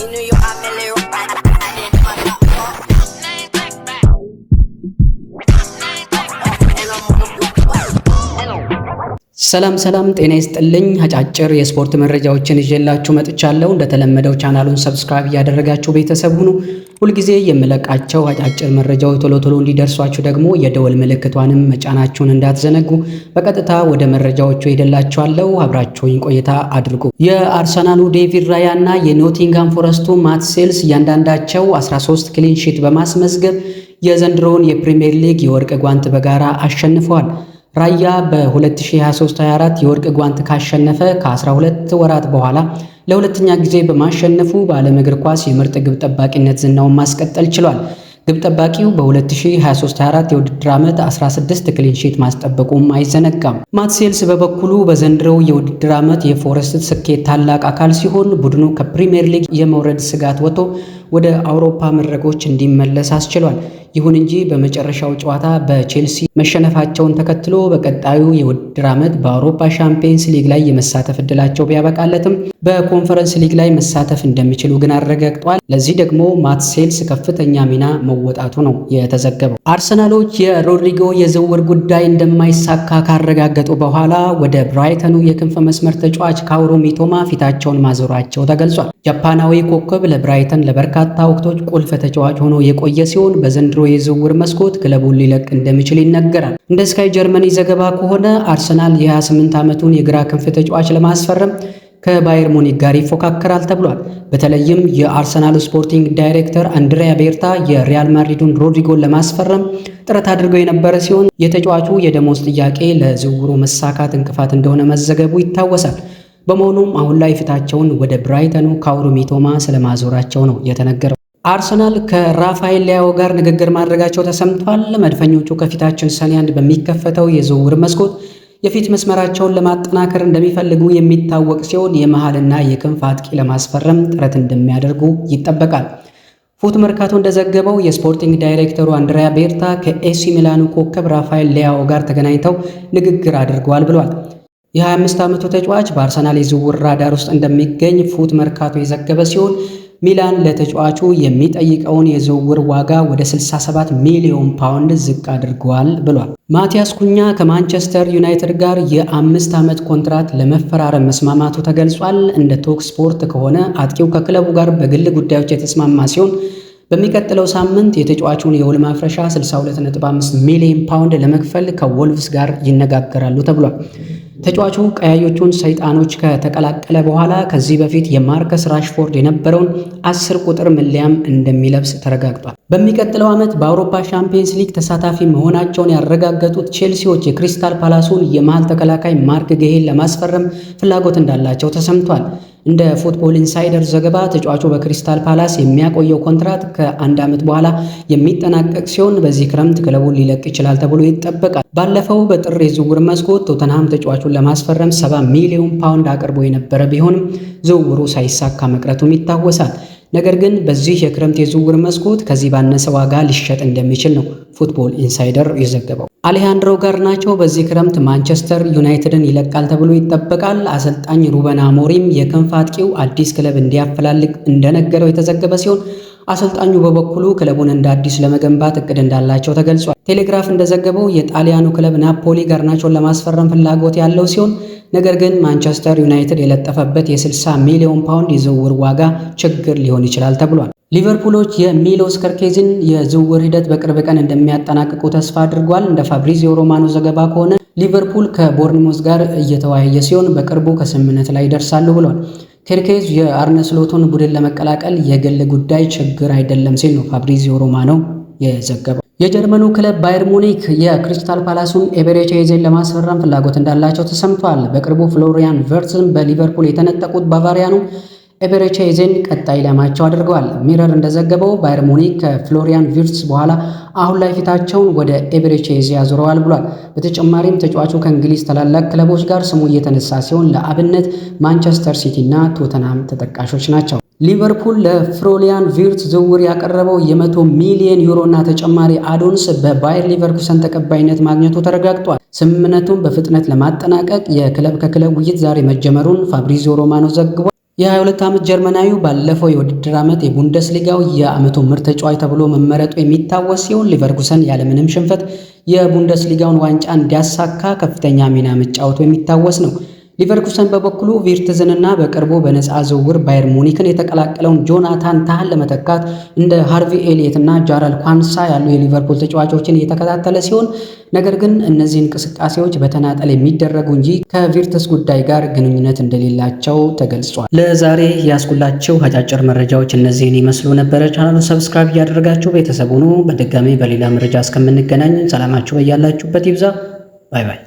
In New York, I barely ሰላም ሰላም፣ ጤና ይስጥልኝ። አጫጭር የስፖርት መረጃዎችን ይዤላችሁ መጥቻለሁ። እንደተለመደው ቻናሉን ሰብስክራይብ እያደረጋችሁ ቤተሰብ ሁኑ። ሁልጊዜ የምለቃቸው አጫጭር መረጃዎች ቶሎ ቶሎ እንዲደርሷችሁ ደግሞ የደወል ምልክቷንም መጫናችሁን እንዳትዘነጉ። በቀጥታ ወደ መረጃዎቹ ሄደላችኋለሁ። አብራችሁኝ ቆይታ አድርጉ። የአርሰናሉ ዴቪድ ራያ እና የኖቲንጋም ፎረስቱ ማት ሴልስ እያንዳንዳቸው 13 ክሊንሺት በማስመዝገብ የዘንድሮውን የፕሪምየር ሊግ የወርቅ ጓንት በጋራ አሸንፈዋል። ራያ በ2023/24 የወርቅ ጓንት ካሸነፈ ከ12 ወራት በኋላ ለሁለተኛ ጊዜ በማሸነፉ በዓለም እግር ኳስ የምርጥ ግብ ጠባቂነት ዝናውን ማስቀጠል ችሏል። ግብ ጠባቂው በ2023/24 የውድድር ዓመት 16 ክሊንሺት ማስጠበቁም አይዘነጋም። ማትሴልስ በበኩሉ በዘንድሮው የውድድር ዓመት የፎረስት ስኬት ታላቅ አካል ሲሆን ቡድኑ ከፕሪምየር ሊግ የመውረድ ስጋት ወጥቶ ወደ አውሮፓ መድረኮች እንዲመለስ አስችሏል። ይሁን እንጂ በመጨረሻው ጨዋታ በቼልሲ መሸነፋቸውን ተከትሎ በቀጣዩ የውድድር ዓመት በአውሮፓ ሻምፒየንስ ሊግ ላይ የመሳተፍ እድላቸው ቢያበቃለትም በኮንፈረንስ ሊግ ላይ መሳተፍ እንደሚችሉ ግን አረጋግጧል። ለዚህ ደግሞ ማትሴልስ ከፍተኛ ሚና መወጣቱ ነው የተዘገበው። አርሰናሎች የሮድሪጎ የዝውውር ጉዳይ እንደማይሳካ ካረጋገጡ በኋላ ወደ ብራይተኑ የክንፍ መስመር ተጫዋች ካውሮ ሚቶማ ፊታቸውን ማዞራቸው ተገልጿል። ጃፓናዊ ኮከብ ለብራይተን ለበርካታ ወቅቶች ቁልፍ ተጫዋች ሆኖ የቆየ ሲሆን በዘንድሮ የዘንድሮ የዝውውር መስኮት ክለቡን ሊለቅ እንደሚችል ይነገራል። እንደ ስካይ ጀርመኒ ዘገባ ከሆነ አርሰናል የ28 ዓመቱን የግራ ክንፍ ተጫዋች ለማስፈረም ከባየር ሙኒክ ጋር ይፎካከራል ተብሏል። በተለይም የአርሰናል ስፖርቲንግ ዳይሬክተር አንድሪያ ቤርታ የሪያል ማድሪዱን ሮድሪጎን ለማስፈረም ጥረት አድርገው የነበረ ሲሆን የተጫዋቹ የደሞዝ ጥያቄ ለዝውውሩ መሳካት እንቅፋት እንደሆነ መዘገቡ ይታወሳል። በመሆኑም አሁን ላይ ፊታቸውን ወደ ብራይተኑ ካውሩ ሚቶማ ስለማዞራቸው ነው የተነገረው። አርሰናል ከራፋኤል ሊያዎ ጋር ንግግር ማድረጋቸው ተሰምቷል። መድፈኞቹ ከፊታችን ሰኔ አንድ በሚከፈተው የዝውውር መስኮት የፊት መስመራቸውን ለማጠናከር እንደሚፈልጉ የሚታወቅ ሲሆን የመሃልና የክንፍ አጥቂ ለማስፈረም ጥረት እንደሚያደርጉ ይጠበቃል። ፉት መርካቶ እንደዘገበው የስፖርቲንግ ዳይሬክተሩ አንድሪያ ቤርታ ከኤሲ ሚላኑ ኮከብ ራፋኤል ሊያዎ ጋር ተገናኝተው ንግግር አድርገዋል ብሏል። የ25 ዓመቱ ተጫዋች በአርሰናል የዝውውር ራዳር ውስጥ እንደሚገኝ ፉት መርካቶ የዘገበ ሲሆን ሚላን ለተጫዋቹ የሚጠይቀውን የዝውውር ዋጋ ወደ 67 ሚሊዮን ፓውንድ ዝቅ አድርገዋል ብሏል። ማቲያስ ኩኛ ከማንቸስተር ዩናይትድ ጋር የአምስት ዓመት ኮንትራት ለመፈራረም መስማማቱ ተገልጿል። እንደ ቶክ ስፖርት ከሆነ አጥቂው ከክለቡ ጋር በግል ጉዳዮች የተስማማ ሲሆን በሚቀጥለው ሳምንት የተጫዋቹን የውል ማፍረሻ 62.5 ሚሊዮን ፓውንድ ለመክፈል ከወልቭስ ጋር ይነጋገራሉ ተብሏል። ተጫዋቹ ቀያዮቹን ሰይጣኖች ከተቀላቀለ በኋላ ከዚህ በፊት የማርከስ ራሽፎርድ የነበረውን አስር ቁጥር መለያም እንደሚለብስ ተረጋግጧል። በሚቀጥለው ዓመት በአውሮፓ ሻምፒየንስ ሊግ ተሳታፊ መሆናቸውን ያረጋገጡት ቼልሲዎች የክሪስታል ፓላሱን የመሃል ተከላካይ ማርክ ጌሄን ለማስፈረም ፍላጎት እንዳላቸው ተሰምቷል። እንደ ፉትቦል ኢንሳይደር ዘገባ ተጫዋቹ በክሪስታል ፓላስ የሚያቆየው ኮንትራት ከአንድ ዓመት በኋላ የሚጠናቀቅ ሲሆን በዚህ ክረምት ክለቡን ሊለቅ ይችላል ተብሎ ይጠበቃል። ባለፈው በጥር የዝውውር መስኮት ቶተንሃም ተጫዋቹን ለማስፈረም 70 ሚሊዮን ፓውንድ አቅርቦ የነበረ ቢሆንም ዝውውሩ ሳይሳካ መቅረቱም ይታወሳል። ነገር ግን በዚህ የክረምት የዝውውር መስኮት ከዚህ ባነሰ ዋጋ ሊሸጥ እንደሚችል ነው ፉትቦል ኢንሳይደር የዘገበው። አሌሃንድሮ ጋርናቾ በዚህ ክረምት ማንቸስተር ዩናይትድን ይለቃል ተብሎ ይጠበቃል። አሰልጣኝ ሩበን አሞሪም የክንፍ አጥቂው አዲስ ክለብ እንዲያፈላልግ እንደነገረው የተዘገበ ሲሆን አሰልጣኙ በበኩሉ ክለቡን እንደ አዲስ ለመገንባት እቅድ እንዳላቸው ተገልጿል። ቴሌግራፍ እንደዘገበው የጣሊያኑ ክለብ ናፖሊ ጋርናቾን ለማስፈረም ፍላጎት ያለው ሲሆን ነገር ግን ማንቸስተር ዩናይትድ የለጠፈበት የ60 ሚሊዮን ፓውንድ የዝውውር ዋጋ ችግር ሊሆን ይችላል ተብሏል። ሊቨርፑሎች የሚሎስ ከርኬዝን የዝውውር ሂደት በቅርብ ቀን እንደሚያጠናቅቁ ተስፋ አድርጓል። እንደ ፋብሪዚዮ ሮማኖ ዘገባ ከሆነ ሊቨርፑል ከቦርንሞዝ ጋር እየተወያየ ሲሆን በቅርቡ ከስምምነት ላይ ይደርሳሉ ብሏል። ኬርኬዝ የአርነ ስሎትን ቡድን ለመቀላቀል የግል ጉዳይ ችግር አይደለም ሲል ነው ፋብሪዚዮ ሮማኖ የዘገበው። የጀርመኑ ክለብ ባየር ሙኒክ የክሪስታል ፓላሱን ኤቤሬቺ ኤዜን ለማስፈረም ፍላጎት እንዳላቸው ተሰምቷል። በቅርቡ ፍሎሪያን ቨርትስን በሊቨርፑል የተነጠቁት ባቫሪያኑ ኤቨሬቺ ቀጣይ ኢላማቸው አድርገዋል። ሚረር እንደዘገበው ባየር ሙኒክ ከፍሎሪያን ቪርትስ በኋላ አሁን ላይ ፊታቸውን ወደ ኤቨሬቺ ኤዜ ያዙረዋል ብሏል። በተጨማሪም ተጫዋቹ ከእንግሊዝ ታላላቅ ክለቦች ጋር ስሙ እየተነሳ ሲሆን ለአብነት ማንቸስተር ሲቲ እና ቶተናም ተጠቃሾች ናቸው። ሊቨርፑል ለፍሎሪያን ቪርትስ ዝውውር ያቀረበው የመቶ ሚሊዮን ዩሮ እና ተጨማሪ አዶንስ በባየር ሊቨርኩሰን ተቀባይነት ማግኘቱ ተረጋግጧል። ስምምነቱን በፍጥነት ለማጠናቀቅ የክለብ ከክለብ ውይይት ዛሬ መጀመሩን ፋብሪዚዮ ሮማኖ ዘግቧል። የ22 ዓመት ጀርመናዊው ባለፈው የውድድር ዓመት የቡንደስሊጋው የዓመቱ ምርጥ ተጫዋች ተብሎ መመረጡ የሚታወስ ሲሆን ሊቨርኩሰን ያለምንም ሽንፈት የቡንደስሊጋውን ዋንጫ እንዲያሳካ ከፍተኛ ሚና መጫወቱ የሚታወስ ነው። ሊቨርኩሰን በበኩሉ ቪርትዝንና በቅርቡ በነፃ ዝውውር ባየር ሙኒክን የተቀላቀለውን ጆናታን ታህን ለመተካት እንደ ሃርቪ ኤሊየት እና ጃራል ኳንሳ ያሉ የሊቨርፑል ተጫዋቾችን እየተከታተለ ሲሆን ነገር ግን እነዚህ እንቅስቃሴዎች በተናጠል የሚደረጉ እንጂ ከቪርትስ ጉዳይ ጋር ግንኙነት እንደሌላቸው ተገልጿል። ለዛሬ ያስኩላቸው አጫጭር መረጃዎች እነዚህን ይመስሉ ነበረ። ቻናሉን ሰብስክራይብ እያደረጋችሁ ቤተሰቡኑ በድጋሚ በሌላ መረጃ እስከምንገናኝ ሰላማችሁ በያላችሁበት ይብዛ። ባይ ባይ።